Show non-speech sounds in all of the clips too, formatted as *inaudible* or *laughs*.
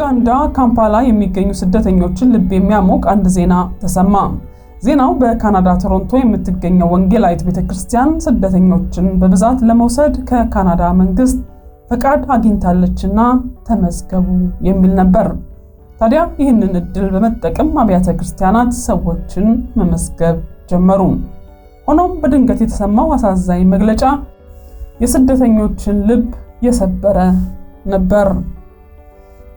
ኡጋንዳ ካምፓላ የሚገኙ ስደተኞችን ልብ የሚያሞቅ አንድ ዜና ተሰማ። ዜናው በካናዳ ቶሮንቶ የምትገኘው ወንጌላዊት ቤተክርስቲያን ስደተኞችን በብዛት ለመውሰድ ከካናዳ መንግስት ፈቃድ አግኝታለችና ተመዝገቡ የሚል ነበር። ታዲያ ይህንን እድል በመጠቀም አብያተ ክርስቲያናት ሰዎችን መመዝገብ ጀመሩ። ሆኖም በድንገት የተሰማው አሳዛኝ መግለጫ የስደተኞችን ልብ የሰበረ ነበር።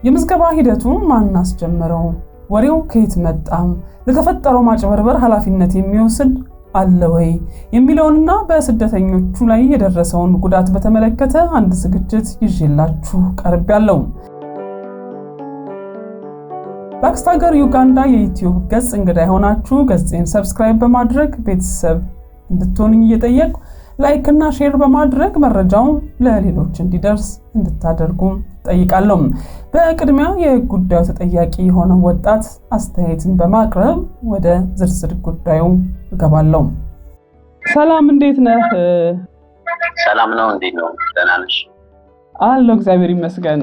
የምዝገባ ሂደቱን ማን አስጀመረው? ወሬው ከየት መጣም? ለተፈጠረው ማጭበርበር ኃላፊነት የሚወስድ አለ ወይ የሚለውንና በስደተኞቹ ላይ የደረሰውን ጉዳት በተመለከተ አንድ ዝግጅት ይዤላችሁ ቀርቤያለሁ። በአክስት ሀገር ዩጋንዳ የዩትዩብ ገጽ እንግዳ የሆናችሁ ገጽን ሰብስክራይብ በማድረግ ቤተሰብ እንድትሆንኝ እየጠየቅኩ ላይክ እና ሼር በማድረግ መረጃው ለሌሎች እንዲደርስ እንድታደርጉ ጠይቃለሁ። በቅድሚያ የጉዳዩ ተጠያቂ የሆነ ወጣት አስተያየትን በማቅረብ ወደ ዝርዝር ጉዳዩ እገባለሁ። ሰላም፣ እንዴት ነህ? ሰላም ነው። እንዴት ነው? ደህና ነሽ? አለው እግዚአብሔር ይመስገን።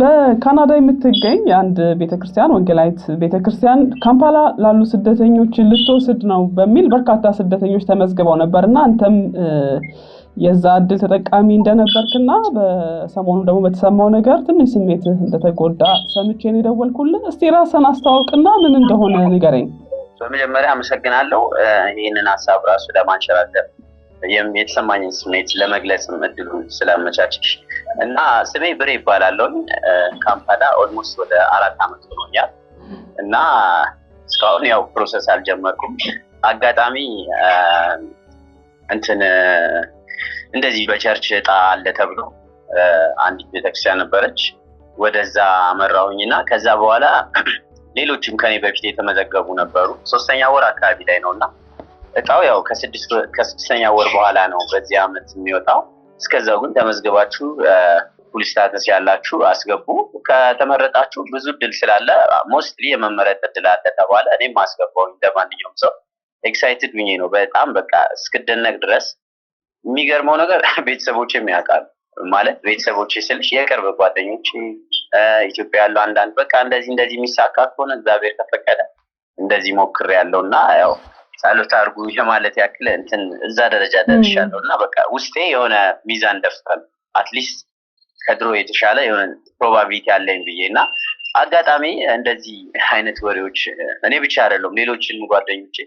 በካናዳ የምትገኝ አንድ ቤተክርስቲያን ወንጌላዊት ቤተክርስቲያን ካምፓላ ላሉ ስደተኞችን ልትወስድ ነው በሚል በርካታ ስደተኞች ተመዝግበው ነበር እና አንተም የዛ እድል ተጠቃሚ እንደነበርክና በሰሞኑ ደግሞ በተሰማው ነገር ትንሽ ስሜትህ እንደተጎዳ ሰምቼ ነው እስቲ ራስን አስተዋውቅና ምን እንደሆነ ንገረኝ። በመጀመሪያ አመሰግናለሁ ይህንን ሀሳብ ራሱ ለማንሸራለፍ የተሰማኝን ስሜት ለመግለጽ እድሉን ስላመቻችሽ እና ስሜ ብሬ ይባላለሁ። ካምፓላ ኦልሞስት ወደ አራት ዓመት ሆኖኛል እና እስካሁን ያው ፕሮሰስ አልጀመርኩም። አጋጣሚ እንትን እንደዚህ በቸርች እጣ አለ ተብሎ አንዲት ቤተክርስቲያን ነበረች። ወደዛ አመራሁኝ እና ከዛ በኋላ *clears throat* ሌሎችም ከኔ በፊት የተመዘገቡ ነበሩ። ሶስተኛ ወር አካባቢ ላይ ነው እና እጣው ያው ከስድስተኛ ወር በኋላ ነው በዚህ አመት የሚወጣው። እስከዛው ግን ተመዝግባችሁ ፉል ስታተስ ያላችሁ አስገቡ። ከተመረጣችሁ ብዙ እድል ስላለ ሞስትሊ የመመረጥ ድል አለ ተባለ። እኔም አስገባው እንደማንኛውም ሰው ኤክሳይትድ ብኜ ነው በጣም በቃ እስክደነቅ ድረስ። የሚገርመው ነገር *laughs* ቤተሰቦች የሚያውቃሉ ማለት ቤተሰቦች ስልሽ የቅርብ ጓደኞች ኢትዮጵያ ያሉ አንዳንድ በቃ እንደዚህ እንደዚህ የሚሳካ ከሆነ እግዚአብሔር ከፈቀደ እንደዚህ ሞክር ያለው እና ያው ጸሎት አድርጉ የማለት ያክል እንትን እዛ ደረጃ ደርሻለሁ እና በቃ ውስጤ የሆነ ሚዛን ደፍቷል። አትሊስት ከድሮ የተሻለ የሆነ ፕሮባቢሊቲ አለኝ ብዬ እና አጋጣሚ እንደዚህ አይነት ወሬዎች እኔ ብቻ አይደለሁም፣ ሌሎችን ጓደኞች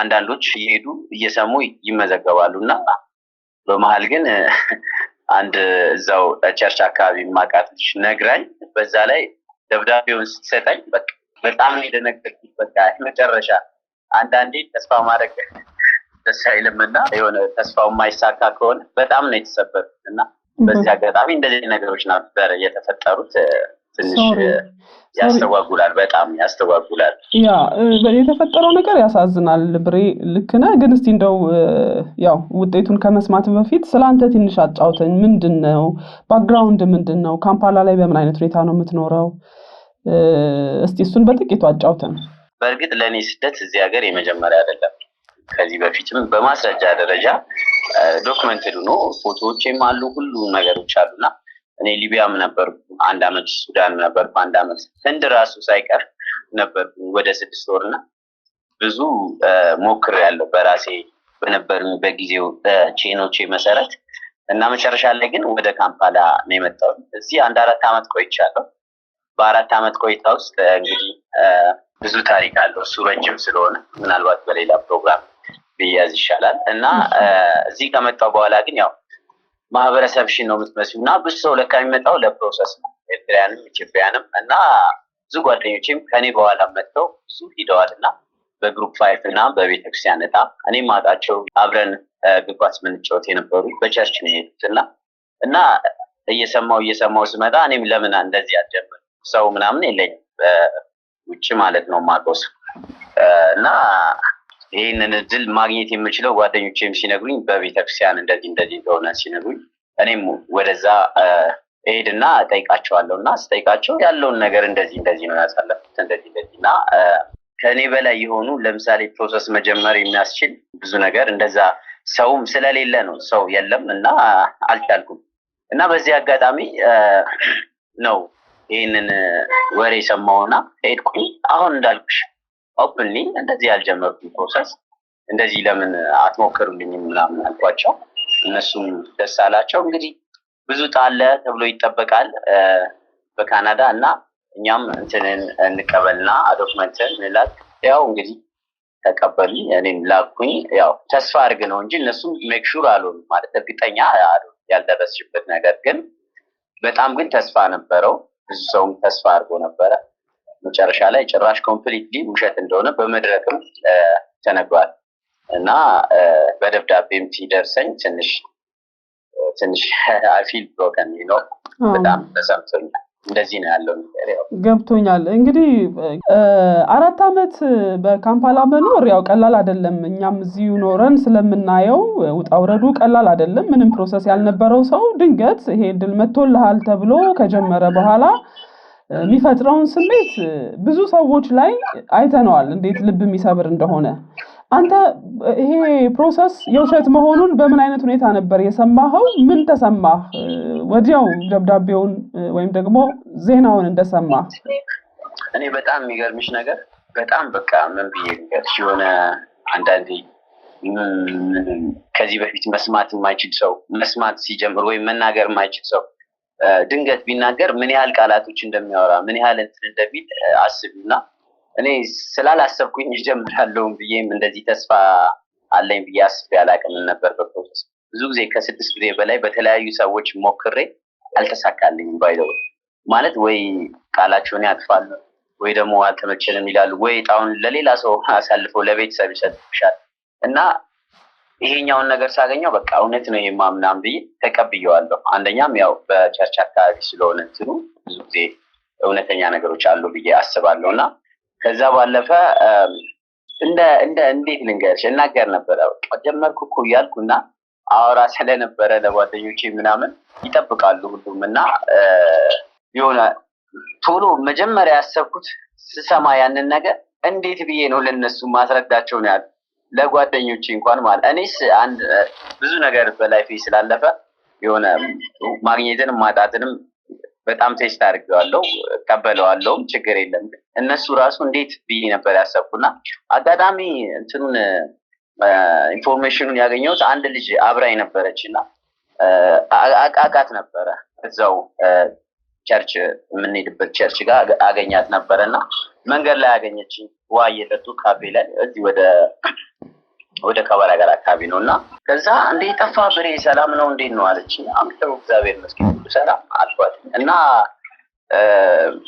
አንዳንዶች እየሄዱ እየሰሙ ይመዘገባሉ እና በመሀል ግን አንድ እዛው ቸርች አካባቢ ማቃትች ነግራኝ፣ በዛ ላይ ደብዳቤውን ስትሰጠኝ በጣም የደነገጥኩት በቃ መጨረሻ አንዳንዴ ተስፋ ማድረግ ደስ አይልም እና የሆነ ተስፋው የማይሳካ ከሆነ በጣም ነው የተሰበር እና በዚህ አጋጣሚ እንደዚህ ነገሮች ነበር የተፈጠሩት። ትንሽ ያስተጓጉላል፣ በጣም ያስተጓጉላል። ያ የተፈጠረው ነገር ያሳዝናል። ብሬ ልክነ ግን እስቲ እንደው ያው ውጤቱን ከመስማት በፊት ስለአንተ ትንሽ አጫውተኝ። ምንድን ነው ባክግራውንድ ምንድን ነው? ካምፓላ ላይ በምን አይነት ሁኔታ ነው የምትኖረው? እስቲ እሱን በጥቂቱ አጫውተን። በእርግጥ ለእኔ ስደት እዚህ ሀገር የመጀመሪያ አይደለም። ከዚህ በፊትም በማስረጃ ደረጃ ዶክመንትድ ሆኖ ፎቶዎቼም አሉ፣ ሁሉ ነገሮች አሉና እኔ ሊቢያም ነበርኩ አንድ አመት፣ ሱዳን ነበርኩ አንድ አመት፣ ህንድ ራሱ ሳይቀር ነበርኩ ወደ ስድስት ወር እና ብዙ ሞክር ያለው በራሴ በነበር በጊዜው ቼኖቼ መሰረት እና መጨረሻ ላይ ግን ወደ ካምፓላ ነው የመጣው። እዚህ አንድ አራት አመት ቆይቻለሁ። በአራት አመት ቆይታ ውስጥ እንግዲህ ብዙ ታሪክ አለው። እሱ ረጅም ስለሆነ ምናልባት በሌላ ፕሮግራም ብያዝ ይሻላል እና እዚህ ከመጣው በኋላ ግን ያው ማህበረሰብ ሽን ነው የምትመስሉ እና ብዙ ሰው ለካ የሚመጣው ለፕሮሰስ ነው። ኤርትራያንም ኢትዮጵያንም እና ብዙ ጓደኞችም ከኔ በኋላ መጥተው ብዙ ሂደዋል እና በግሩፕ ፋይፍ እና በቤተክርስቲያን እጣ እኔም ማጣቸው አብረን እግር ኳስ ምንጫወት የነበሩ በቸርች ነው የሄዱት እና እና እየሰማው እየሰማው ስመጣ እኔም ለምን እንደዚህ አልጀምር ሰው ምናምን የለኝም ውጭ ማለት ነው ማቆስ እና ይህንን እድል ማግኘት የምችለው ጓደኞቼም ሲነግሩኝ በቤተክርስቲያን እንደዚህ እንደዚህ እንደሆነ ሲነግሩኝ እኔም ወደዛ ሄድና ጠይቃቸዋለሁ እና ስጠይቃቸው ያለውን ነገር እንደዚህ እንደዚህ ነው ያሳለፉት እንደዚህ እንደዚህ እና ከእኔ በላይ የሆኑ ለምሳሌ ፕሮሰስ መጀመር የሚያስችል ብዙ ነገር እንደዛ ሰውም ስለሌለ ነው ሰው የለም እና አልቻልኩም እና በዚህ አጋጣሚ ነው ይህንን uh, ወሬ ሰማውና ሄድኩኝ። አሁን እንዳልኩሽ ኦፕንሊ እንደዚህ ያልጀመርኩኝ ፕሮሰስ እንደዚህ ለምን አትሞክሩልኝም ምናምን አልኳቸው። እነሱም ደስ አላቸው። እንግዲህ ብዙ ጣለ ተብሎ ይጠበቃል uh, በካናዳ እና እኛም እንትንን እንቀበልና አዶክመንትን እንላክ። ያው እንግዲህ ተቀበሉ፣ እኔም ላኩኝ። ያው ተስፋ አድርግ ነው እንጂ እነሱም ሜክሹር አልሆኑም ማለት እርግጠኛ ያልደረስሽበት ነገር ግን በጣም ግን ተስፋ ነበረው። ብዙ ሰውም ተስፋ አድርጎ ነበረ። መጨረሻ ላይ ጭራሽ ኮምፕሊትሊ ውሸት እንደሆነ በመድረክም ተነግሯል እና በደብዳቤም ሲደርሰኝ ትንሽ ትንሽ አፊል ብሮከን ነው በጣም ተሰምቶኛል። እንደዚህ ነው ያለው። ገብቶኛል። እንግዲህ አራት ዓመት በካምፓላ መኖር ያው ቀላል አይደለም። እኛም እዚሁ ኖረን ስለምናየው ውጣ ውረዱ ቀላል አይደለም። ምንም ፕሮሰስ ያልነበረው ሰው ድንገት ይሄ እድል መጥቶልሃል ተብሎ ከጀመረ በኋላ የሚፈጥረውን ስሜት ብዙ ሰዎች ላይ አይተነዋል፣ እንዴት ልብ የሚሰብር እንደሆነ አንተ ይሄ ፕሮሰስ የውሸት መሆኑን በምን አይነት ሁኔታ ነበር የሰማኸው? ምን ተሰማህ? ወዲያው ደብዳቤውን ወይም ደግሞ ዜናውን እንደሰማህ። እኔ በጣም የሚገርምሽ ነገር በጣም በቃ ምን ብዬ ልንገርሽ፣ የሆነ አንዳንዴ ከዚህ በፊት መስማት የማይችል ሰው መስማት ሲጀምር ወይም መናገር የማይችል ሰው ድንገት ቢናገር ምን ያህል ቃላቶች እንደሚያወራ ምን ያህል እንትን እንደሚል አስቢና እኔ ስላላሰብኩኝ ይጀምራለውን ብዬም እንደዚህ ተስፋ አለኝ ብዬ አስቤ አላቅም ነበር። በፕሮሰስ ብዙ ጊዜ ከስድስት ጊዜ በላይ በተለያዩ ሰዎች ሞክሬ አልተሳካልኝም። ባይለው ማለት ወይ ቃላቸውን ያጥፋሉ ወይ ደግሞ አልተመቸንም ይላሉ ወይ ጣሁን ለሌላ ሰው አሳልፈው ለቤተሰብ ይሰጥሻል እና ይሄኛውን ነገር ሳገኘው በቃ እውነት ነው ይሄማ ምናምን ብዬ ተቀብየዋለሁ። አንደኛም ያው በቸርች አካባቢ ስለሆነ እንትኑ ብዙ ጊዜ እውነተኛ ነገሮች አሉ ብዬ አስባለሁ እና ከዛ ባለፈ እንደ እንደ እንዴት ልንገርሽ እናገር ነበረ ጀመርኩ እኮ እያልኩ እና አወራ ስለነበረ ለጓደኞቼ ምናምን ይጠብቃሉ ሁሉም እና የሆነ ቶሎ መጀመሪያ ያሰብኩት ስሰማ ያንን ነገር እንዴት ብዬ ነው ለነሱ ማስረዳቸው ነው ያሉ ለጓደኞች እንኳን ማለት እኔስ አንድ ብዙ ነገር በላይፌ ስላለፈ የሆነ ማግኘትንም ማጣትንም በጣም ቴስት አድርጌዋለሁ፣ እቀበለዋለሁም ችግር የለም። እነሱ ራሱ እንዴት ብዬ ነበር ያሰብኩና አጋጣሚ እንትኑን ኢንፎርሜሽኑን ያገኘሁት አንድ ልጅ አብራኝ ነበረች እና አቃቃት ነበረ እዛው ቸርች የምንሄድበት ቸርች ጋር አገኛት ነበረ እና መንገድ ላይ አገኘች። ዋ እየጠጡ ካፌ ላይ እዚህ ወደ ከበራ ጋር አካባቢ ነው እና ከዛ እንደ የጠፋ ብሬ ሰላም ነው እንዴት ነው አለች። አምተው እግዚአብሔር ይመስገን ሰላም አልኳት። እና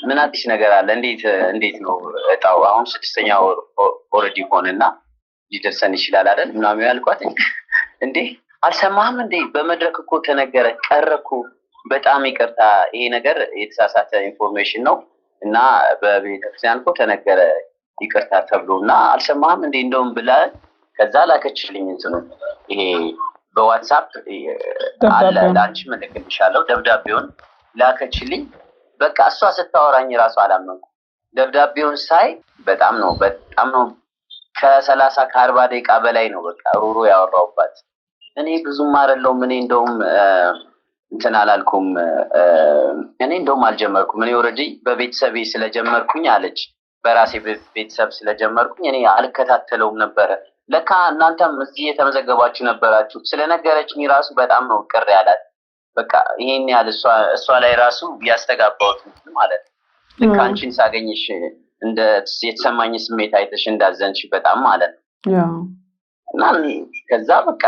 ምን አዲስ ነገር አለ? እንዴት እንዴት ነው እጣው? አሁን ስድስተኛ ኦልሬዲ ሆንና ሊደርሰን ይችላል አይደል ምናምን ያልኳት። እንዴ አልሰማህም እንዴ በመድረክ እኮ ተነገረ ቀረኩ። በጣም ይቅርታ ይሄ ነገር የተሳሳተ ኢንፎርሜሽን ነው እና በቤተክርስቲያን እኮ ተነገረ ይቅርታ ተብሎ እና አልሰማህም እንዴ እንደውም ብላ ከዛ ላከችልኝ እንትኑ ይሄ በዋትሳፕ አለ ለአንቺ እልክልሻለሁ ደብዳቤውን ላከችልኝ። በቃ እሷ ስታወራኝ ራሱ አላመንኩ። ደብዳቤውን ሳይ በጣም ነው በጣም ነው ከሰላሳ ከአርባ ደቂቃ በላይ ነው በቃ ሩሩ ያወራውባት። እኔ ብዙም አረለው እኔ እንደውም እንትን አላልኩም እኔ እንደውም አልጀመርኩም። እኔ ኦልሬዲ በቤተሰቤ ስለጀመርኩኝ አለች፣ በራሴ ቤተሰብ ስለጀመርኩኝ እኔ አልከታተለውም ነበረ ለካ እናንተም እዚህ የተመዘገባችሁ ነበራችሁ ስለነገረችኝ ራሱ በጣም ነው ቅር ያላት። በቃ ይሄን ያህል እሷ ላይ ራሱ ያስተጋባውት ማለት ነው። ልክ አንቺን ሳገኝሽ እንደ የተሰማኝ ስሜት አይተሽ እንዳዘንሽ በጣም ማለት ነው። እና ከዛ በቃ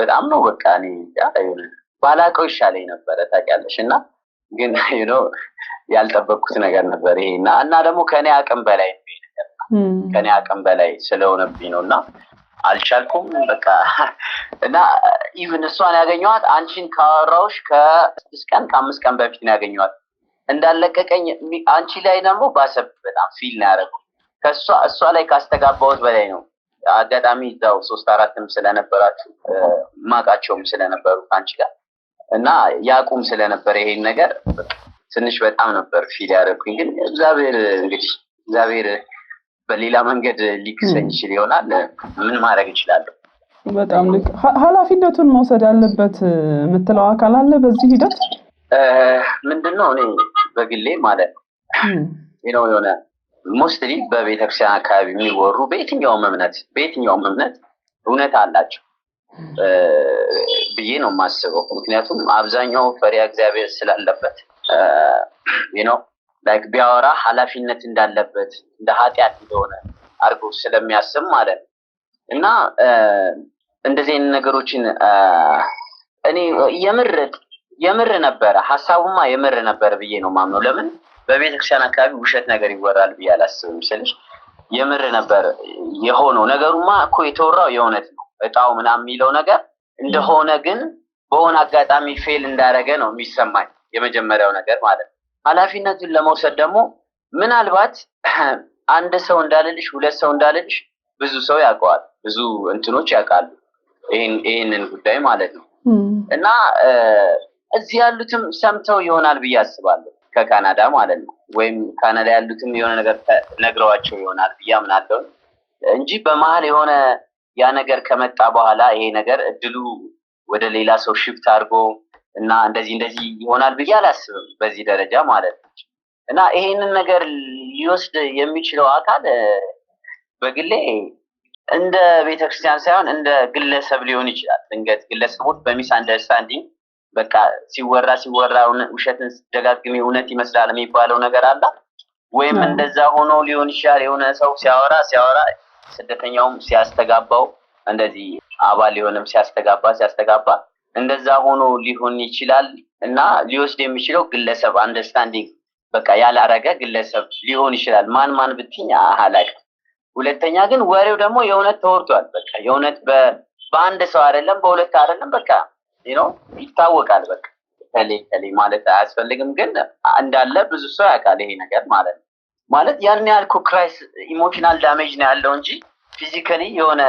በጣም ነው በቃ ሆነ ባላቀው ይሻለኝ ነበረ ታቂያለሽ እና ግን ያልጠበቅኩት ነገር ነበር ይሄ እና እና ደግሞ ከእኔ አቅም በላይ ከኔ አቅም በላይ ስለሆነብኝ ነው እና አልቻልኩም። በቃ እና ኢቭን እሷን ያገኘዋት አንቺን ካወራሁሽ ከስድስት ቀን ከአምስት ቀን በፊት ነው ያገኘዋት እንዳለቀቀኝ አንቺ ላይ ደግሞ ባሰብ በጣም ፊል ነው ያደረጉ ከእሷ እሷ ላይ ካስተጋባሁት በላይ ነው። አጋጣሚ ዛው ሶስት አራትም ስለነበራችሁ ማቃቸውም ስለነበሩ ከአንቺ ጋር እና ያቁም ስለነበረ ይሄን ነገር ትንሽ በጣም ነበር ፊል ያደረግኩኝ ግን እግዚአብሔር እንግዲህ እግዚአብሔር በሌላ መንገድ ሊክሰኝ ይችል ይሆናል። ምን ማድረግ እችላለሁ? በጣም ልክ ኃላፊነቱን መውሰድ ያለበት የምትለው አካል አለ በዚህ ሂደት ምንድን ነው? እኔ በግሌ ማለት ነው *clears throat* የሆነ ሞስትሊ በቤተክርስቲያን አካባቢ የሚወሩ በየትኛውም እምነት በየትኛውም እምነት እውነት አላቸው ብዬ ነው የማስበው። ምክንያቱም አብዛኛው ፈሪያ እግዚአብሔር ስላለበት ነው ላይክ ቢያወራ ኃላፊነት እንዳለበት እንደ ኃጢአት እንደሆነ አድርጎ ስለሚያስብ ማለት ነው። እና እንደዚህ አይነት ነገሮችን እኔ የምር የምር ነበረ ሀሳቡማ የምር ነበረ ብዬ ነው ማምነው። ለምን በቤተክርስቲያን አካባቢ ውሸት ነገር ይወራል ብዬ አላስብም ስልሽ የምር ነበር የሆነው። ነገሩማ እኮ የተወራው የእውነት ነው። እጣው ምናምን የሚለው ነገር እንደሆነ ግን በሆነ አጋጣሚ ፌል እንዳደረገ ነው የሚሰማኝ የመጀመሪያው ነገር ማለት ነው። ኃላፊነቱን ለመውሰድ ደግሞ ምናልባት *clears throat* አንድ ሰው እንዳልልሽ ሁለት ሰው እንዳልልሽ ብዙ ሰው ያውቀዋል፣ ብዙ እንትኖች ያውቃሉ ይህንን ጉዳይ ማለት ነው። እና እዚህ ያሉትም ሰምተው ይሆናል ብዬ አስባለሁ፣ ከካናዳ ማለት ነው። ወይም ካናዳ ያሉትም የሆነ ነገር ነግረዋቸው ይሆናል ብዬ አምናለሁ እንጂ በመሀል የሆነ ያ ነገር ከመጣ በኋላ ይሄ ነገር እድሉ ወደ ሌላ ሰው ሽፍት አድርጎ እና እንደዚህ እንደዚህ ይሆናል ብዬ አላስብም በዚህ ደረጃ ማለት ነው። እና ይሄንን ነገር ሊወስድ የሚችለው አካል በግሌ እንደ ቤተክርስቲያን ሳይሆን እንደ ግለሰብ ሊሆን ይችላል። እንገት ግለሰቦች በሚስ አንደርስታንዲንግ በቃ ሲወራ ሲወራ ውሸትን ደጋግሚ እውነት ይመስላል የሚባለው ነገር አለ። ወይም እንደዛ ሆኖ ሊሆን ይችላል። የሆነ ሰው ሲያወራ ሲያወራ ስደተኛውም ሲያስተጋባው እንደዚህ አባል ሊሆንም ሲያስተጋባ ሲያስተጋባ እንደዛ ሆኖ ሊሆን ይችላል እና ሊወስድ የሚችለው ግለሰብ አንደርስታንዲንግ በቃ ያላረገ ግለሰብ ሊሆን ይችላል። ማን ማን ብትኝ አላቅ። ሁለተኛ ግን ወሬው ደግሞ የእውነት ተወርቷል። በቃ የእውነት በአንድ ሰው አይደለም በሁለት አይደለም በቃ ነው ይታወቃል። በቃ ከሌ ከሌ ማለት አያስፈልግም፣ ግን እንዳለ ብዙ ሰው ያውቃል ይሄ ነገር ማለት ነው። ማለት ያን ያልኩ ክራይስ ኢሞሽናል ዳሜጅ ነው ያለው እንጂ ፊዚካሊ የሆነ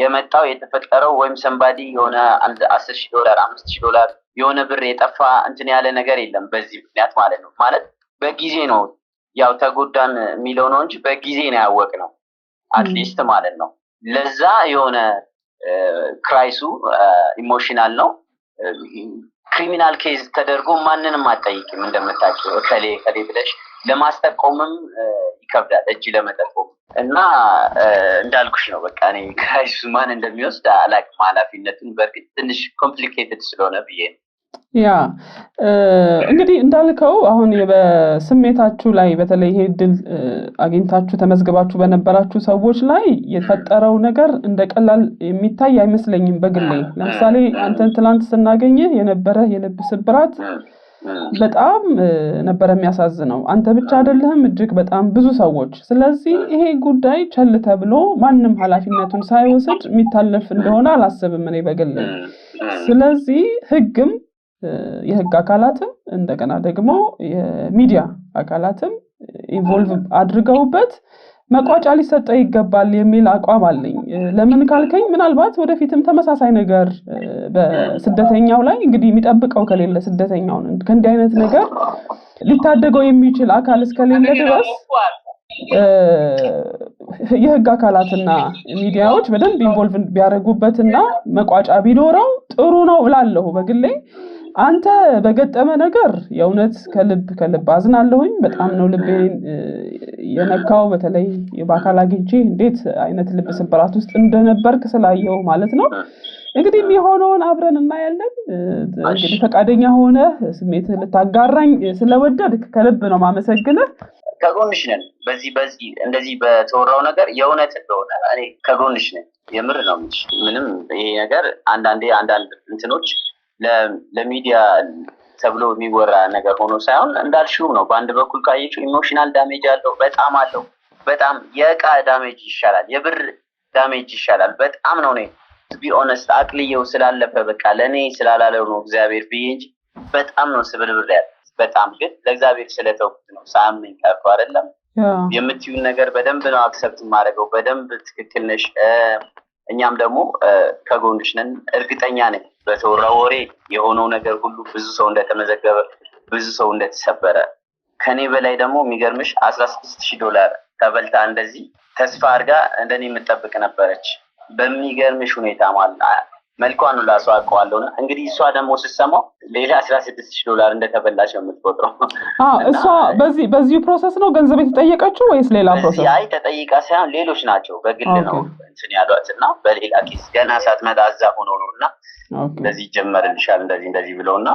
የመጣው የተፈጠረው ወይም ሰንባዲ የሆነ አንድ አስር ሺህ ዶላር አምስት ሺህ ዶላር የሆነ ብር የጠፋ እንትን ያለ ነገር የለም። በዚህ ምክንያት ማለት ነው። ማለት በጊዜ ነው ያው ተጎዳን የሚለው ነው እንጂ በጊዜ ነው ያወቅ ነው አትሊስት ማለት ነው። ለዛ የሆነ ክራይሱ ኢሞሽናል ነው። ክሪሚናል ኬዝ ተደርጎ ማንንም አጠይቅም እንደምታውቂው ከሌ ከሌ ብለሽ ለማስጠቆምም ይከብዳል እጅ ለመጠቆም እና እንዳልኩሽ ነው በቃ እኔ ከሱ ማን እንደሚወስድ አላቅም። ኃላፊነቱን በእርግጥ ትንሽ ኮምፕሊኬትድ ስለሆነ ብዬ ነው። ያ እንግዲህ እንዳልከው አሁን በስሜታችሁ ላይ በተለይ ይሄ ድል አግኝታችሁ ተመዝግባችሁ በነበራችሁ ሰዎች ላይ የፈጠረው ነገር እንደ ቀላል የሚታይ አይመስለኝም። በግሌ ለምሳሌ አንተን ትላንት ስናገኘ የነበረ የልብ ስብራት በጣም ነበረ የሚያሳዝነው። አንተ ብቻ አይደለህም፣ እጅግ በጣም ብዙ ሰዎች። ስለዚህ ይሄ ጉዳይ ቸል ተብሎ ማንም ኃላፊነቱን ሳይወስድ የሚታለፍ እንደሆነ አላስብም እኔ በግል። ስለዚህ ህግም የህግ አካላትም እንደገና ደግሞ የሚዲያ አካላትም ኢንቮልቭ አድርገውበት መቋጫ ሊሰጠው ይገባል የሚል አቋም አለኝ። ለምን ካልከኝ ምናልባት ወደፊትም ተመሳሳይ ነገር በስደተኛው ላይ እንግዲህ የሚጠብቀው ከሌለ ስደተኛውን ከእንዲህ አይነት ነገር ሊታደገው የሚችል አካል እስከሌለ ድረስ የህግ አካላትና ሚዲያዎች በደንብ ኢንቮልቭ ቢያደርጉበትና መቋጫ ቢኖረው ጥሩ ነው እላለሁ በግሌ። አንተ በገጠመ ነገር የእውነት ከልብ ከልብ አዝናለሁኝ። በጣም ነው ልቤን የነካው። በተለይ በአካል አግኝቼ እንዴት አይነት ልብ ስብራት ውስጥ እንደነበርክ ስላየው ማለት ነው። እንግዲህ የሚሆነውን አብረን እናያለን። እንግዲህ ፈቃደኛ ሆነ ስሜት ልታጋራኝ ስለወደድክ ከልብ ነው ማመሰግነ ከጎንሽ ነን። በዚህ በዚህ እንደዚህ በተወራው ነገር የእውነት እንደሆነ እኔ ከጎንሽ ነን። የምር ነው ምንም ይሄ ነገር አንዳንዴ አንዳንድ እንትኖች ለሚዲያ ተብሎ የሚወራ ነገር ሆኖ ሳይሆን እንዳልሽው ነው። በአንድ በኩል ካየችው ኢሞሽናል ዳሜጅ አለው፣ በጣም አለው። በጣም የእቃ ዳሜጅ ይሻላል፣ የብር ዳሜጅ ይሻላል። በጣም ነው ኔ ቢ ኦነስት አቅልየው ስላለፈ በቃ ለእኔ ስላላለው ነው እግዚአብሔር ብዬ እንጂ በጣም ነው ስብልብር ያለ በጣም ግን ለእግዚአብሔር ስለተውኩት ነው። ሳምን ቀርቶ አይደለም የምትዩን ነገር በደንብ ነው አክሰብት ማድረገው በደንብ ትክክል ነሽ እኛም ደግሞ ከጎንሽ ነን። እርግጠኛ ነን በተወራ ወሬ የሆነው ነገር ሁሉ ብዙ ሰው እንደተመዘገበ ብዙ ሰው እንደተሰበረ ከኔ በላይ ደግሞ የሚገርምሽ አስራ ስድስት ሺህ ዶላር ተበልታ እንደዚህ ተስፋ አድርጋ እንደኔ የምጠብቅ ነበረች። በሚገርምሽ ሁኔታ ማለት መልኳን ሁላ ሰው አውቀዋለሁ። እና እንግዲህ እሷ ደግሞ ስትሰማው ሌላ አስራ ስድስት ሺ ዶላር እንደተበላሽ የምትቆጥረው እሷ በዚህ በዚሁ ፕሮሰስ ነው ገንዘብ የተጠየቀችው ወይስ ሌላ ፕሮሰስ? አይ ተጠይቃ ሳይሆን ሌሎች ናቸው በግል ነው እንትን ያሏት እና በሌላ ኬስ ገና ሳትመጣ እዛ ሆኖ ነው እና እንደዚህ ይጀመርልሻል እንደዚህ እንደዚህ ብለው እና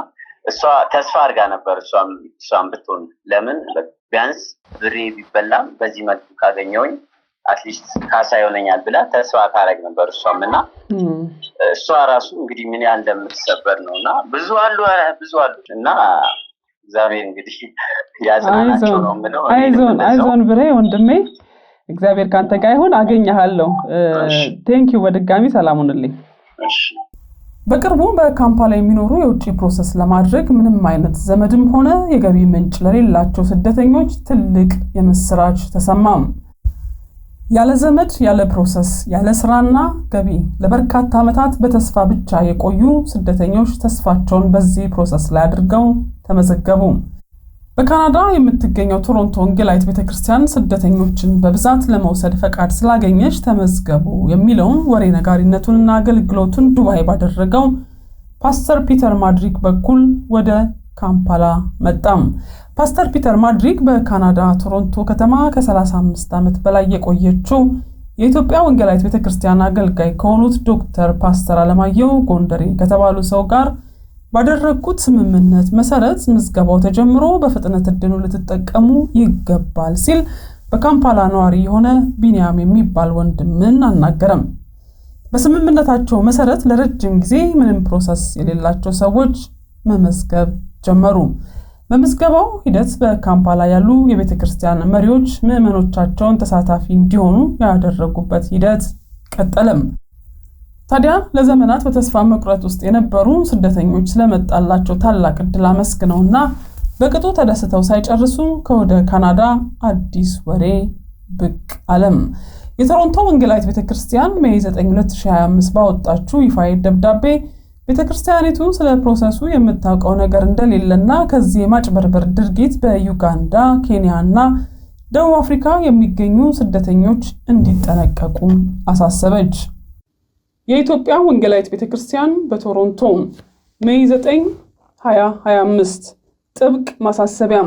እሷ ተስፋ አድርጋ ነበር እሷም ብትሆን ለምን ቢያንስ ብሬ ቢበላም በዚህ መልኩ ካገኘውኝ አትሊስት ካሳ ይሆነኛል ብላ ተስፋ ታደረግ ነበር እሷም እና እሷ ራሱ እንግዲህ ምን ያህል እንደምትሰበር ነው እና ብዙ አሉ ብዙ አሉ እና እግዚአብሔር እንግዲህ ያዝናናቸው ነው ምለው አይዞን አይዞን ብሬ ወንድሜ እግዚአብሔር ከአንተ ጋር ይሁን አገኘሃለሁ ቴንኪው በድጋሚ ሰላሙንልኝ ሁንልኝ በቅርቡ በካምፓላ የሚኖሩ የውጭ ፕሮሰስ ለማድረግ ምንም አይነት ዘመድም ሆነ የገቢ ምንጭ ለሌላቸው ስደተኞች ትልቅ የምስራች ተሰማም ያለ ዘመድ ያለ ፕሮሰስ ያለ ስራና ገቢ ለበርካታ ዓመታት በተስፋ ብቻ የቆዩ ስደተኞች ተስፋቸውን በዚህ ፕሮሰስ ላይ አድርገው ተመዘገቡ። በካናዳ የምትገኘው ቶሮንቶ ወንጌላዊት ቤተ ክርስቲያን ስደተኞችን በብዛት ለመውሰድ ፈቃድ ስላገኘች ተመዝገቡ የሚለውን ወሬ ነጋሪነቱንና አገልግሎቱን ዱባይ ባደረገው ፓስተር ፒተር ማድሪክ በኩል ወደ ካምፓላ መጣም። ፓስተር ፒተር ማድሪግ በካናዳ ቶሮንቶ ከተማ ከ35 ዓመት በላይ የቆየችው የኢትዮጵያ ወንጌላዊት ቤተ ክርስቲያን አገልጋይ ከሆኑት ዶክተር ፓስተር አለማየሁ ጎንደሬ ከተባሉ ሰው ጋር ባደረግኩት ስምምነት መሰረት ምዝገባው ተጀምሮ በፍጥነት እድሉ ልትጠቀሙ ይገባል ሲል በካምፓላ ነዋሪ የሆነ ቢንያም የሚባል ወንድምን አናገረም። በስምምነታቸው መሰረት ለረጅም ጊዜ ምንም ፕሮሰስ የሌላቸው ሰዎች መመዝገብ ጀመሩ። በምዝገባው ሂደት በካምፓላ ያሉ የቤተ ክርስቲያን መሪዎች ምዕመኖቻቸውን ተሳታፊ እንዲሆኑ ያደረጉበት ሂደት ቀጠለም። ታዲያ ለዘመናት በተስፋ መቁረጥ ውስጥ የነበሩ ስደተኞች ስለመጣላቸው ታላቅ እድል አመስግነውና በቅጡ ተደስተው ሳይጨርሱ ከወደ ካናዳ አዲስ ወሬ ብቅ አለም። የቶሮንቶ ወንጌላዊት ቤተክርስቲያን ሜይ 9 2025 ባወጣችው ይፋ ደብዳቤ ቤተ ክርስቲያኒቱ ስለ ፕሮሰሱ የምታውቀው ነገር እንደሌለና ከዚህ የማጭበርበር ድርጊት በዩጋንዳ፣ ኬንያ እና ደቡብ አፍሪካ የሚገኙ ስደተኞች እንዲጠነቀቁ አሳሰበች። የኢትዮጵያ ወንጌላዊት ቤተ ክርስቲያን በቶሮንቶ ሜይ 9 2025 ጥብቅ ማሳሰቢያ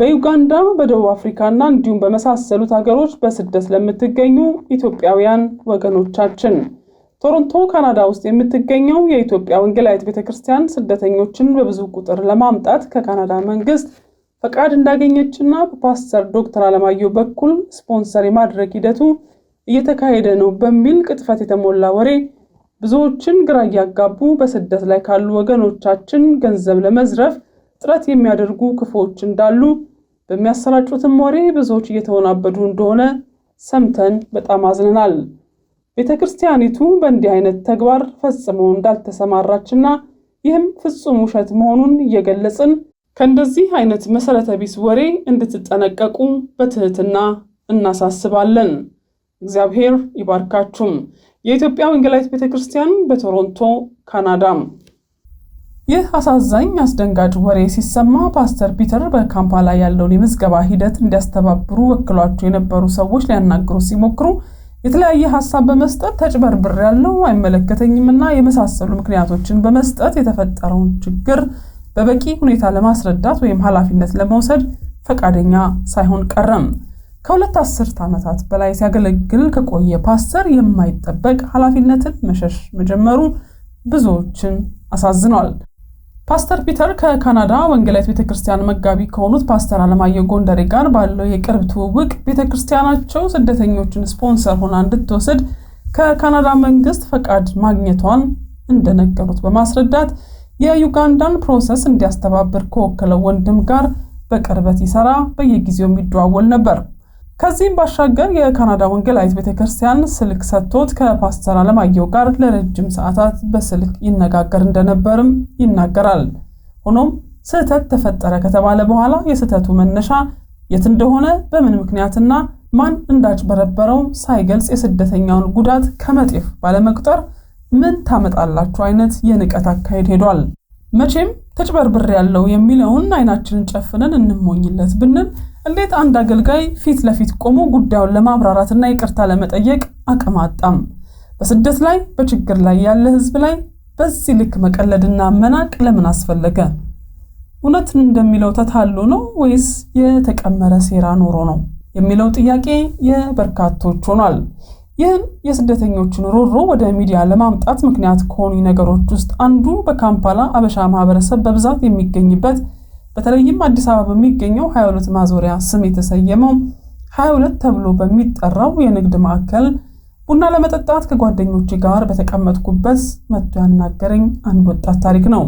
በዩጋንዳ በደቡብ አፍሪካና እንዲሁም በመሳሰሉት ሀገሮች በስደት ለምትገኙ ኢትዮጵያውያን ወገኖቻችን ቶሮንቶ ካናዳ ውስጥ የምትገኘው የኢትዮጵያ ወንጌላዊት ቤተ ክርስቲያን ስደተኞችን በብዙ ቁጥር ለማምጣት ከካናዳ መንግስት ፈቃድ እንዳገኘችና በፓስተር ዶክተር አለማየሁ በኩል ስፖንሰር የማድረግ ሂደቱ እየተካሄደ ነው በሚል ቅጥፈት የተሞላ ወሬ ብዙዎችን ግራ እያጋቡ በስደት ላይ ካሉ ወገኖቻችን ገንዘብ ለመዝረፍ ጥረት የሚያደርጉ ክፉዎች እንዳሉ በሚያሰራጩትም ወሬ ብዙዎች እየተወናበዱ እንደሆነ ሰምተን በጣም አዝነናል። ቤተ ክርስቲያኒቱ በእንዲህ አይነት ተግባር ፈጽሞ እንዳልተሰማራችና ይህም ፍጹም ውሸት መሆኑን እየገለጽን ከእንደዚህ አይነት መሰረተ ቢስ ወሬ እንድትጠነቀቁ በትህትና እናሳስባለን። እግዚአብሔር ይባርካችሁም። የኢትዮጵያ ወንጌላዊት ቤተ ክርስቲያን በቶሮንቶ ካናዳ። ይህ አሳዛኝ አስደንጋጭ ወሬ ሲሰማ ፓስተር ፒተር በካምፓላ ያለውን የምዝገባ ሂደት እንዲያስተባብሩ ወክሏቸው የነበሩ ሰዎች ሊያናግሩ ሲሞክሩ የተለያየ ሀሳብ በመስጠት ተጭበርብር ያለው አይመለከተኝም እና የመሳሰሉ ምክንያቶችን በመስጠት የተፈጠረውን ችግር በበቂ ሁኔታ ለማስረዳት ወይም ኃላፊነት ለመውሰድ ፈቃደኛ ሳይሆን ቀረም። ከሁለት አስርት ዓመታት በላይ ሲያገለግል ከቆየ ፓስተር የማይጠበቅ ኃላፊነትን መሸሽ መጀመሩ ብዙዎችን አሳዝኗል። ፓስተር ፒተር ከካናዳ ወንጌላዊት ቤተ ክርስቲያን መጋቢ ከሆኑት ፓስተር አለማየሁ ጎንደሬ ጋር ባለው የቅርብ ትውውቅ ቤተ ክርስቲያናቸው ስደተኞችን ስፖንሰር ሆና እንድትወስድ ከካናዳ መንግስት ፈቃድ ማግኘቷን እንደነገሩት በማስረዳት የዩጋንዳን ፕሮሰስ እንዲያስተባብር ከወከለው ወንድም ጋር በቅርበት ይሰራ፣ በየጊዜው የሚደዋወል ነበር። ከዚህም ባሻገር የካናዳ ወንጌላዊት ቤተክርስቲያን ስልክ ሰጥቶት ከፓስተር አለማየሁ ጋር ለረጅም ሰዓታት በስልክ ይነጋገር እንደነበርም ይናገራል። ሆኖም ስህተት ተፈጠረ ከተባለ በኋላ የስህተቱ መነሻ የት እንደሆነ በምን ምክንያትና ማን እንዳጭበረበረው ሳይገልጽ የስደተኛውን ጉዳት ከመጤፍ ባለመቁጠር ምን ታመጣላችሁ አይነት የንቀት አካሄድ ሄዷል። መቼም ተጭበርብር ያለው የሚለውን አይናችንን ጨፍነን እንሞኝለት ብንል እንዴት አንድ አገልጋይ ፊት ለፊት ቆሞ ጉዳዩን ለማብራራትና ይቅርታ ለመጠየቅ አቅም አጣም? በስደት ላይ በችግር ላይ ያለ ህዝብ ላይ በዚህ ልክ መቀለድና መናቅ ለምን አስፈለገ? እውነት እንደሚለው ተታሎ ነው ወይስ የተቀመረ ሴራ ኖሮ ነው የሚለው ጥያቄ የበርካቶች ሆኗል። ይህን የስደተኞችን ሮሮ ወደ ሚዲያ ለማምጣት ምክንያት ከሆኑ ነገሮች ውስጥ አንዱ በካምፓላ አበሻ ማህበረሰብ በብዛት የሚገኝበት በተለይም አዲስ አበባ በሚገኘው 22 ማዞሪያ ስም የተሰየመው 22 ተብሎ በሚጠራው የንግድ ማዕከል ቡና ለመጠጣት ከጓደኞች ጋር በተቀመጥኩበት መጥቶ ያናገረኝ አንድ ወጣት ታሪክ ነው።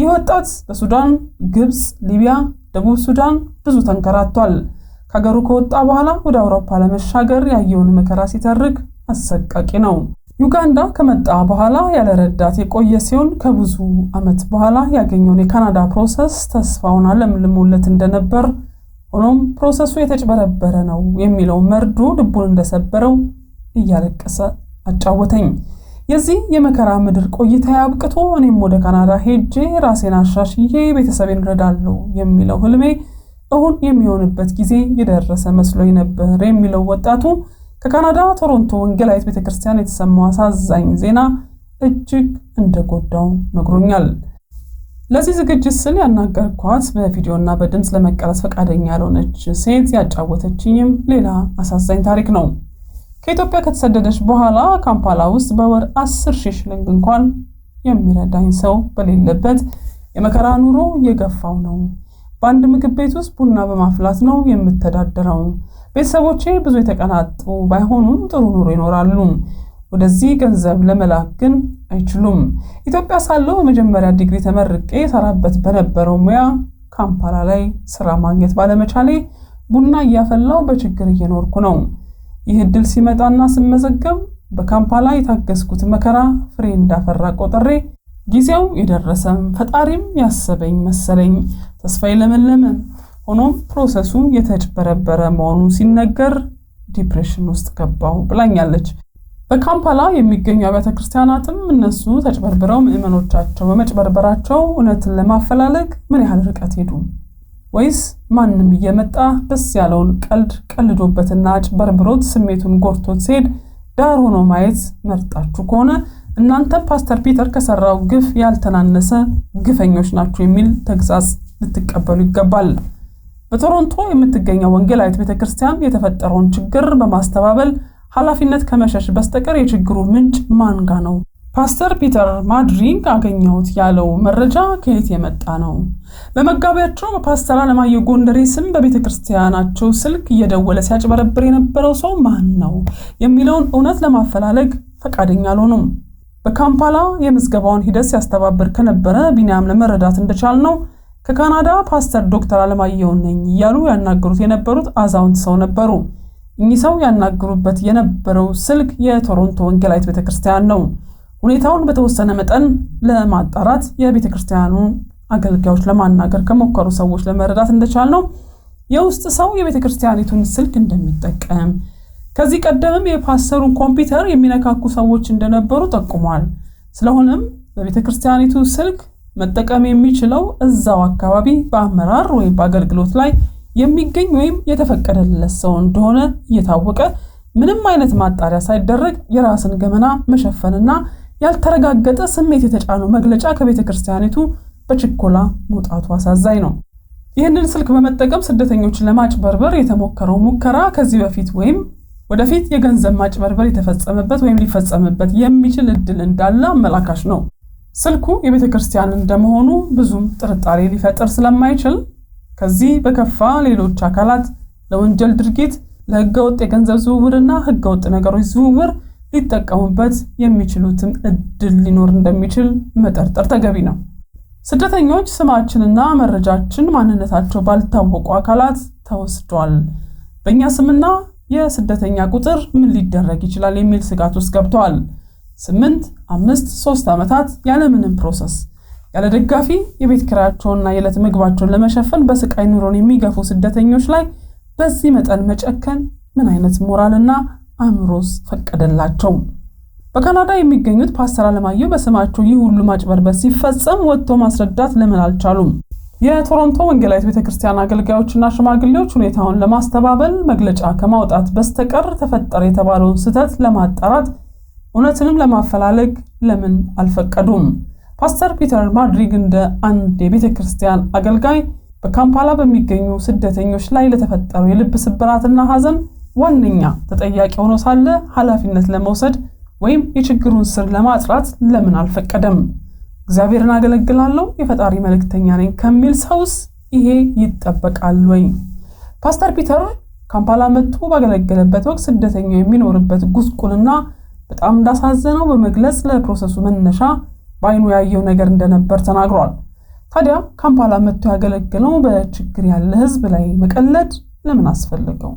ይህ ወጣት በሱዳን፣ ግብፅ፣ ሊቢያ፣ ደቡብ ሱዳን ብዙ ተንከራቷል። ከሀገሩ ከወጣ በኋላ ወደ አውሮፓ ለመሻገር ያየውን መከራ ሲተርክ አሰቃቂ ነው። ዩጋንዳ ከመጣ በኋላ ያለረዳት የቆየ ሲሆን ከብዙ ዓመት በኋላ ያገኘውን የካናዳ ፕሮሰስ ተስፋውን አለምልሞለት እንደነበር ሆኖም ፕሮሰሱ የተጭበረበረ ነው የሚለው መርዶ ልቡን እንደሰበረው እያለቀሰ አጫወተኝ። የዚህ የመከራ ምድር ቆይታ ያብቅቶ እኔም ወደ ካናዳ ሄጄ ራሴን አሻሽዬ ቤተሰቤን እረዳለሁ የሚለው ህልሜ እሁን የሚሆንበት ጊዜ የደረሰ መስሎኝ ነበር የሚለው ወጣቱ ከካናዳ ቶሮንቶ ወንጌላዊት ቤተ ክርስቲያን የተሰማው አሳዛኝ ዜና እጅግ እንደጎዳው ነግሮኛል። ለዚህ ዝግጅት ስል ያናገርኳት በቪዲዮና በድምፅ ለመቀረጽ ፈቃደኛ ያልሆነች ሴት ያጫወተችኝም ሌላ አሳዛኝ ታሪክ ነው። ከኢትዮጵያ ከተሰደደች በኋላ ካምፓላ ውስጥ በወር አስር ሺህ ሽልንግ እንኳን የሚረዳኝ ሰው በሌለበት የመከራ ኑሮ እየገፋው ነው። በአንድ ምግብ ቤት ውስጥ ቡና በማፍላት ነው የምተዳደረው። ቤተሰቦቼ ብዙ የተቀናጡ ባይሆኑም ጥሩ ኑሮ ይኖራሉ። ወደዚህ ገንዘብ ለመላክ ግን አይችሉም። ኢትዮጵያ ሳለው በመጀመሪያ ዲግሪ ተመርቄ የሰራበት በነበረው ሙያ ካምፓላ ላይ ስራ ማግኘት ባለመቻሌ ቡና እያፈላው በችግር እየኖርኩ ነው። ይህ እድል ሲመጣና ስመዘገብ በካምፓላ የታገስኩት መከራ ፍሬ እንዳፈራ ቆጥሬ ጊዜው የደረሰም ፈጣሪም ያሰበኝ መሰለኝ። ተስፋዬ ለመለመ። ሆኖም ፕሮሰሱ የተጭበረበረ መሆኑ ሲነገር ዲፕሬሽን ውስጥ ገባው ብላኛለች። በካምፓላ የሚገኙ አብያተ ክርስቲያናትም እነሱ ተጭበርብረው ምዕመኖቻቸው በመጭበርበራቸው እውነትን ለማፈላለግ ምን ያህል ርቀት ሄዱ? ወይስ ማንም እየመጣ ደስ ያለውን ቀልድ ቀልዶበትና ጭበርብሮት ስሜቱን ጎርቶት ሲሄድ ዳር ሆኖ ማየት መርጣችሁ ከሆነ እናንተ ፓስተር ፒተር ከሰራው ግፍ ያልተናነሰ ግፈኞች ናችሁ የሚል ተግሳጽ ልትቀበሉ ይገባል። በቶሮንቶ የምትገኘው ወንጌላዊት ቤተ ክርስቲያን የተፈጠረውን ችግር በማስተባበል ኃላፊነት ከመሸሽ በስተቀር የችግሩ ምንጭ ማንጋ ነው? ፓስተር ፒተር ማድሪንግ አገኘሁት ያለው መረጃ ከየት የመጣ ነው? በመጋቢያቸው በፓስተር አለማየሁ ጎንደሬ ስም በቤተ ክርስቲያናቸው ስልክ እየደወለ ሲያጭበረብር የነበረው ሰው ማን ነው የሚለውን እውነት ለማፈላለግ ፈቃደኛ አልሆኑም። በካምፓላ የምዝገባውን ሂደት ሲያስተባብር ከነበረ ቢንያም ለመረዳት እንደቻል ነው ከካናዳ ፓስተር ዶክተር አለማየሁን ነኝ እያሉ ያናገሩት የነበሩት አዛውንት ሰው ነበሩ። እኚህ ሰው ያናገሩበት የነበረው ስልክ የቶሮንቶ ወንጌላዊት ቤተክርስቲያን ነው። ሁኔታውን በተወሰነ መጠን ለማጣራት የቤተክርስቲያኑ አገልጋዮች ለማናገር ከሞከሩ ሰዎች ለመረዳት እንደቻል ነው የውስጥ ሰው የቤተክርስቲያኒቱን ስልክ እንደሚጠቀም ከዚህ ቀደምም የፓስተሩን ኮምፒውተር የሚነካኩ ሰዎች እንደነበሩ ጠቁሟል። ስለሆነም በቤተክርስቲያኒቱ ስልክ መጠቀም የሚችለው እዛው አካባቢ በአመራር ወይም በአገልግሎት ላይ የሚገኝ ወይም የተፈቀደለት ሰው እንደሆነ እየታወቀ ምንም አይነት ማጣሪያ ሳይደረግ የራስን ገመና መሸፈንና ያልተረጋገጠ ስሜት የተጫነው መግለጫ ከቤተ ክርስቲያኒቱ በችኮላ መውጣቱ አሳዛኝ ነው። ይህንን ስልክ በመጠቀም ስደተኞችን ለማጭበርበር የተሞከረው ሙከራ ከዚህ በፊት ወይም ወደፊት የገንዘብ ማጭበርበር የተፈጸመበት ወይም ሊፈጸምበት የሚችል እድል እንዳለ አመላካሽ ነው። ስልኩ የቤተ ክርስቲያን እንደመሆኑ ብዙም ጥርጣሬ ሊፈጥር ስለማይችል ከዚህ በከፋ ሌሎች አካላት ለወንጀል ድርጊት፣ ለህገወጥ የገንዘብ ዝውውርና ህገወጥ ነገሮች ዝውውር ሊጠቀሙበት የሚችሉትን እድል ሊኖር እንደሚችል መጠርጠር ተገቢ ነው። ስደተኞች ስማችንና መረጃችን ማንነታቸው ባልታወቁ አካላት ተወስዷል፣ በእኛ ስምና የስደተኛ ቁጥር ምን ሊደረግ ይችላል የሚል ስጋት ውስጥ ገብተዋል። ስምንት አምስት ሶስት ዓመታት ያለምንም ፕሮሰስ ያለ ደጋፊ የቤት ኪራያቸውንና የዕለት ምግባቸውን ለመሸፈን በስቃይ ኑሮን የሚገፉ ስደተኞች ላይ በዚህ መጠን መጨከን ምን አይነት ሞራልና አእምሮስ ፈቀደላቸው? በካናዳ የሚገኙት ፓስተር አለማየሁ በስማቸው ይህ ሁሉ ማጭበርበር ሲፈጸም ወጥቶ ማስረዳት ለምን አልቻሉም? የቶሮንቶ ወንጌላዊት ቤተ ክርስቲያን አገልጋዮችና ሽማግሌዎች ሁኔታውን ለማስተባበል መግለጫ ከማውጣት በስተቀር ተፈጠረ የተባለውን ስህተት ለማጣራት እውነትንም ለማፈላለግ ለምን አልፈቀዱም? ፓስተር ፒተር ማድሪግ እንደ አንድ የቤተ ክርስቲያን አገልጋይ በካምፓላ በሚገኙ ስደተኞች ላይ ለተፈጠሩ የልብ ስብራትና ሐዘን ዋነኛ ተጠያቂ ሆኖ ሳለ ኃላፊነት ለመውሰድ ወይም የችግሩን ስር ለማጥራት ለምን አልፈቀደም? እግዚአብሔርን አገለግላለሁ የፈጣሪ መልእክተኛ ነኝ ከሚል ሰውስ ይሄ ይጠበቃል ወይ? ፓስተር ፒተር ካምፓላ መጥቶ ባገለገለበት ወቅት ስደተኛው የሚኖርበት ጉስቁልና በጣም እንዳሳዘነው በመግለጽ ለፕሮሰሱ መነሻ በአይኑ ያየው ነገር እንደነበር ተናግሯል። ታዲያ ካምፓላ መጥቶ ያገለገለው በችግር ያለ ህዝብ ላይ መቀለድ ለምን አስፈለገው?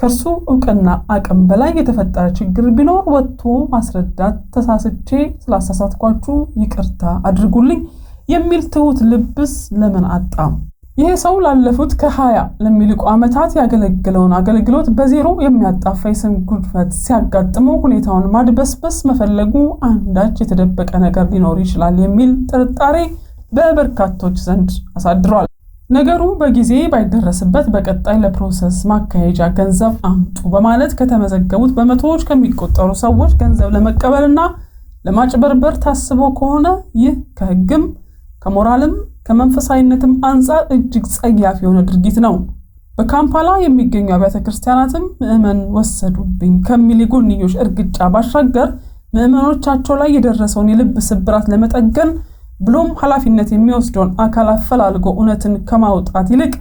ከእርሱ እውቅና አቅም በላይ የተፈጠረ ችግር ቢኖር ወጥቶ ማስረዳት ተሳስቼ ስላሳሳትኳችሁ ይቅርታ አድርጉልኝ የሚል ትሁት ልብስ ለምን አጣም? ይሄ ሰው ላለፉት ከ20 ለሚልቁ ዓመታት ያገለግለውን አገልግሎት በዜሮ የሚያጣፋ የስም ጉድፈት ሲያጋጥመው ሁኔታውን ማድበስበስ መፈለጉ አንዳች የተደበቀ ነገር ሊኖር ይችላል የሚል ጥርጣሬ በበርካቶች ዘንድ አሳድሯል። ነገሩ በጊዜ ባይደረስበት በቀጣይ ለፕሮሰስ ማካሄጃ ገንዘብ አምጡ በማለት ከተመዘገቡት በመቶዎች ከሚቆጠሩ ሰዎች ገንዘብ ለመቀበልና ለማጭበርበር ታስቦ ከሆነ ይህ ከሕግም ከሞራልም ከመንፈሳዊነትም አንጻር እጅግ ጸያፍ የሆነ ድርጊት ነው። በካምፓላ የሚገኙ አብያተ ክርስቲያናትም ምዕመን ወሰዱብኝ ከሚል የጎንዮሽ እርግጫ ባሻገር ምዕመኖቻቸው ላይ የደረሰውን የልብ ስብራት ለመጠገን ብሎም ኃላፊነት የሚወስደውን አካል አፈላልጎ እውነትን ከማውጣት ይልቅ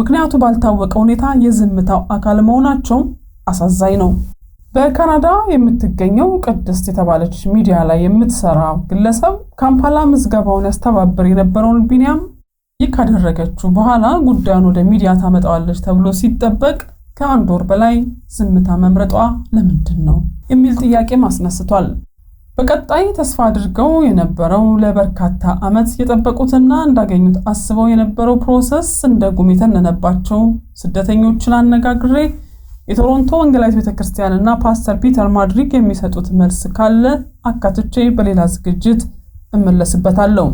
ምክንያቱ ባልታወቀ ሁኔታ የዝምታው አካል መሆናቸው አሳዛኝ ነው። በካናዳ የምትገኘው ቅድስት የተባለች ሚዲያ ላይ የምትሰራ ግለሰብ ካምፓላ ምዝገባውን ያስተባብር የነበረውን ቢኒያም ይህ ካደረገችው በኋላ ጉዳዩን ወደ ሚዲያ ታመጣዋለች ተብሎ ሲጠበቅ ከአንድ ወር በላይ ዝምታ መምረጧ ለምንድን ነው የሚል ጥያቄም አስነስቷል። በቀጣይ ተስፋ አድርገው የነበረው ለበርካታ ዓመት የጠበቁትና እንዳገኙት አስበው የነበረው ፕሮሰስ እንደ ጉም የተነነባቸው ስደተኞችን አነጋግሬ የቶሮንቶ ወንጌላዊት ቤተ ክርስቲያን እና ፓስተር ፒተር ማድሪግ የሚሰጡት መልስ ካለ አካትቼ በሌላ ዝግጅት እመለስበታለሁ።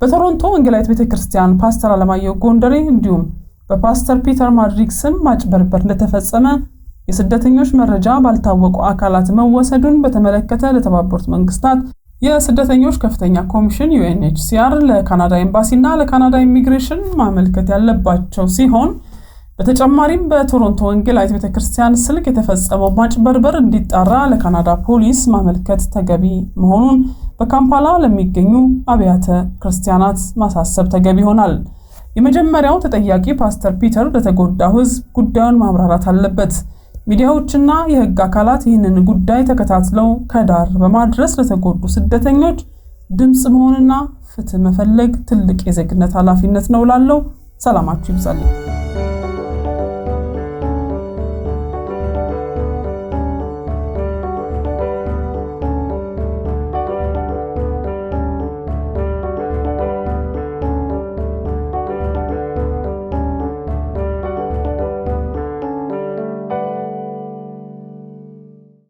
በቶሮንቶ ወንጌላዊት ቤተ ክርስቲያን ፓስተር አለማየሁ ጎንደሬ እንዲሁም በፓስተር ፒተር ማድሪግ ስም ማጭበርበር እንደተፈጸመ የስደተኞች መረጃ ባልታወቁ አካላት መወሰዱን በተመለከተ ለተባበሩት መንግስታት የስደተኞች ከፍተኛ ኮሚሽን ዩኤንኤችሲአር ለካናዳ ኤምባሲ እና ለካናዳ ኢሚግሬሽን ማመልከት ያለባቸው ሲሆን በተጨማሪም በቶሮንቶ ወንጌላዊት ቤተ ክርስቲያን ስልክ የተፈጸመው ማጭበርበር እንዲጣራ ለካናዳ ፖሊስ ማመልከት ተገቢ መሆኑን በካምፓላ ለሚገኙ አብያተ ክርስቲያናት ማሳሰብ ተገቢ ይሆናል። የመጀመሪያው ተጠያቂ ፓስተር ፒተር ለተጎዳው ሕዝብ ጉዳዩን ማብራራት አለበት። ሚዲያዎችና የሕግ አካላት ይህንን ጉዳይ ተከታትለው ከዳር በማድረስ ለተጎዱ ስደተኞች ድምፅ መሆንና ፍትህ መፈለግ ትልቅ የዜግነት ኃላፊነት ነው ላለው ሰላማችሁ ይብዛልኝ።